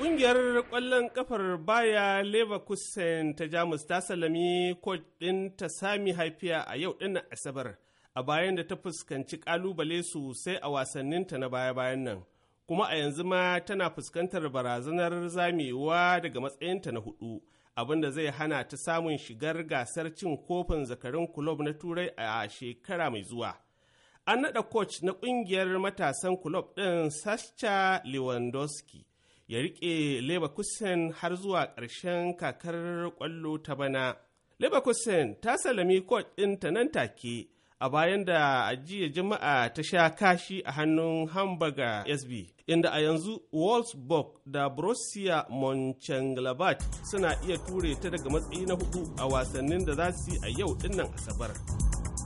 Ƙungiyar ƙwallon ƙafar baya Leverkusen ta Jamus ta salami coach ɗin ta sami haifiya a yau ɗin Asabar a bayan da ta fuskanci ƙalubale sosai a wasanninta na baya-bayan nan. Kuma a yanzu ma tana fuskantar barazanar zamewa daga matsayinta na hudu, abinda zai hana ta samun shigar gasar cin kofin zakarin kulob na Turai a shekara mai zuwa. An naɗa coach na ƙungiyar matasan kulob ɗin Sascha Lewandowski. ya rike Leverkusen har zuwa ƙarshen kakar ƙwallo ta bana. Leverkusen ta salami kot ta nan take a bayan da ajiye jama'a ta sha kashi a hannun Hamburger SB, inda a yanzu Wolfsburg da Borussia Mönchengladbach suna iya ture ta daga matsayi na hudu a wasannin da za su yi a yau dinnan Asabar.